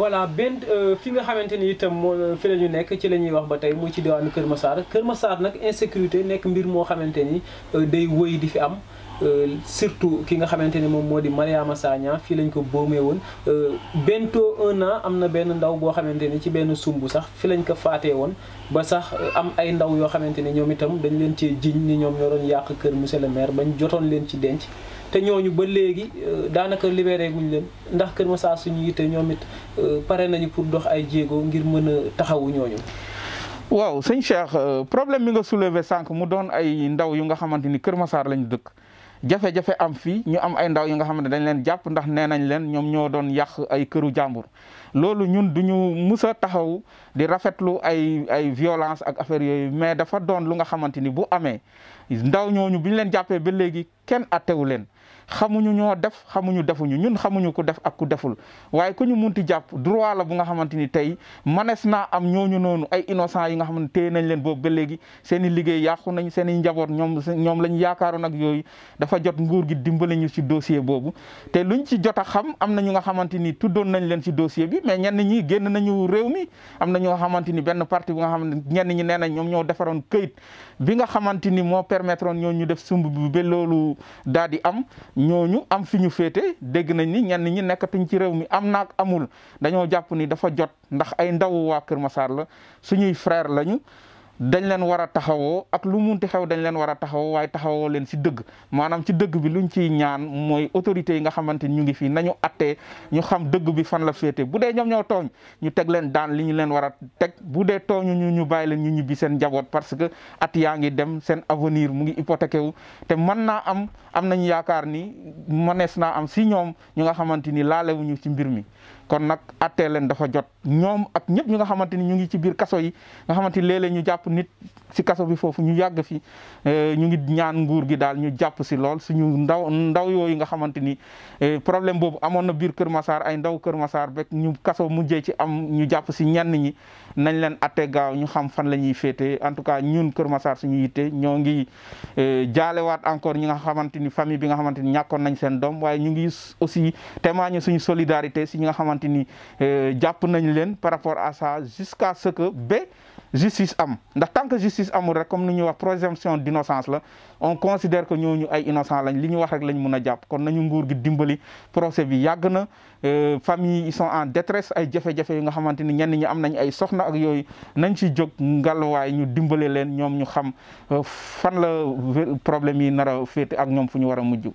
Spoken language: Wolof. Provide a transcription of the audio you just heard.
voilà benn euh, fi nga xamante ni itam moo fi la ñu nekk ci la ñuy wax ba tey muy ci diwaanu Kër Massar Kër Massar nag insécurité nekk mbir moo xamante ni euh, day wëy di fi am. Euh, surtout ki nga xamante ne moom moo di Mariama Sagna fii lañ ko boomee woon euh, bientôt un an am na benn ndaw boo xamante ni ci benn sumb sax fi lañ ko faatee woon ba sax euh, am ay ndaw yoo xamante ni ñoom itam dañ leen cee jiñ ni ñoom ñoo kër monsieur le maire bañ jotoon leen ci denc te ñooñu ba léegi daanaka libéré guñ leen ndax Kër Massar suñu yitte ñoom it pare nañu pour dox ay jéego ngir mën a taxawu waaw sëñ Cheikh problème bi nga soulevé sànq mu doon ay ndaw yu nga xamante ni Kër Massar lañ dëkk. jafé jafé am fi ñu am ay ndaw yi nga xamne dañ leen japp ndax nenañ leen ñom ñoo doon yak ay keuru jambour lolu ñun duñu mësa taxaw di rafetlu ay ay violence ak affaire yoy mais dafa doon lu nga xamanteni bu amé ndaw ñoo ñu buñ leen jappé ba légui kenn atté wu leen xamuñu ñoo def xamuñu defuñu ñun xamuñu ku def ak ku deful waaye ku ñu munti jàpp droit la bu nga xamante ni tey manes naa am ñooñu noonu ay innocent yi nga xam ne téye nañ leen boobu ba léegi seen i yàqu nañ seen i njaboot ñoom ñoom lañ yaakaaroon ak yooyu dafa jot nguur gi ñu ci dossier boobu te luñ ci jot xam am na ñu nga xamante ni tuddoon nañ leen ci dossier bi mais ñenn ñi génn nañu réew mi am na ñu nga xamante ni benn parti bu nga xam ne ñenn ñi nee nañ ñoom ñoo defaroon këyit bi nga xamante ni moo permettre ñoo ñu def sumb bi loolu daal di am ñooñu am fi ñu féete dégg nañ ni ñenn ñi nekkatuñ ci réew mi am naag amul dañoo jàpp ni dafa jot ndax ay ndaw waa Kër Massar la suñuy frère lañu. dañ leen war a taxawoo ak lu munti xew dañ leen war a taxawoo waaye taxawoo leen si dëgg maanam si dëgg bi luñ ciy ñaan mooy autorité yi nga xamante ni ñu ngi fii nañu attee ñu xam dëgg bi fan la féete bu dee ñoom ñoo tooñ ñu teg leen daan li ñu leen war a teg bu dee tooñu ñu ñu bàyyi leen ñu ñibbi seen njaboot parce que at yaa ngi dem seen avenir mu ngi hypothéqué wu te mën naa am am nañu yaakaar ni mënees naa am si ñoom ñu nga xamante ni laalewuñu ci mbir mi kon nag attee leen dafa jot ñoom ak ñëpp ñu nga xamante ni ñu ngi ci biir kaso yi nga xamante ni léeg-léeg ñu jàpp nit si kaso bi foofu ñu yàgg fi eh, ñu ngi ñaan nguur gi daal ñu jàpp si lool suñu ndaw ndaw yooyu nga xamante ni eh, problème boobu amoon na biir Kër masaar ay ndaw Kër masaar bek ñu kaso mujjee ci am ñu jàpp si ñenn ñi nañ leen atte gaaw ñu xam la ñuy féete en tout cas ñun Kër Massar suñu yitte ñoo ngi eh, jaalewaat encore ñi nga xamante ni famille bi nga xamante ni ñàkkoon nañ doom waaye ñu ngi aussi témoigner suñu solidarité si ñi nga xamante ni jàpp nañ leen par rapport à ça jusqu'à ce que ba justice am ndax tant justice justice amul rek comme ni ñuy wax présomption d'innocence la on considère que ñooñu ay innocent lañ li ñu wax rek lañ mun a jàpp kon nañu nguur gi dimbali procès bi yàgg na euh, famille yi sont en détresse ay jafe-jafe yu nga xamante ni ñenn ñi am nañ ay soxna ak yooyu nañ ci jóg ngalawaay ñu dimbale leen ñoom ñu xam euh, fan la problème yi nar a ak ñoom fu ñu war a mujj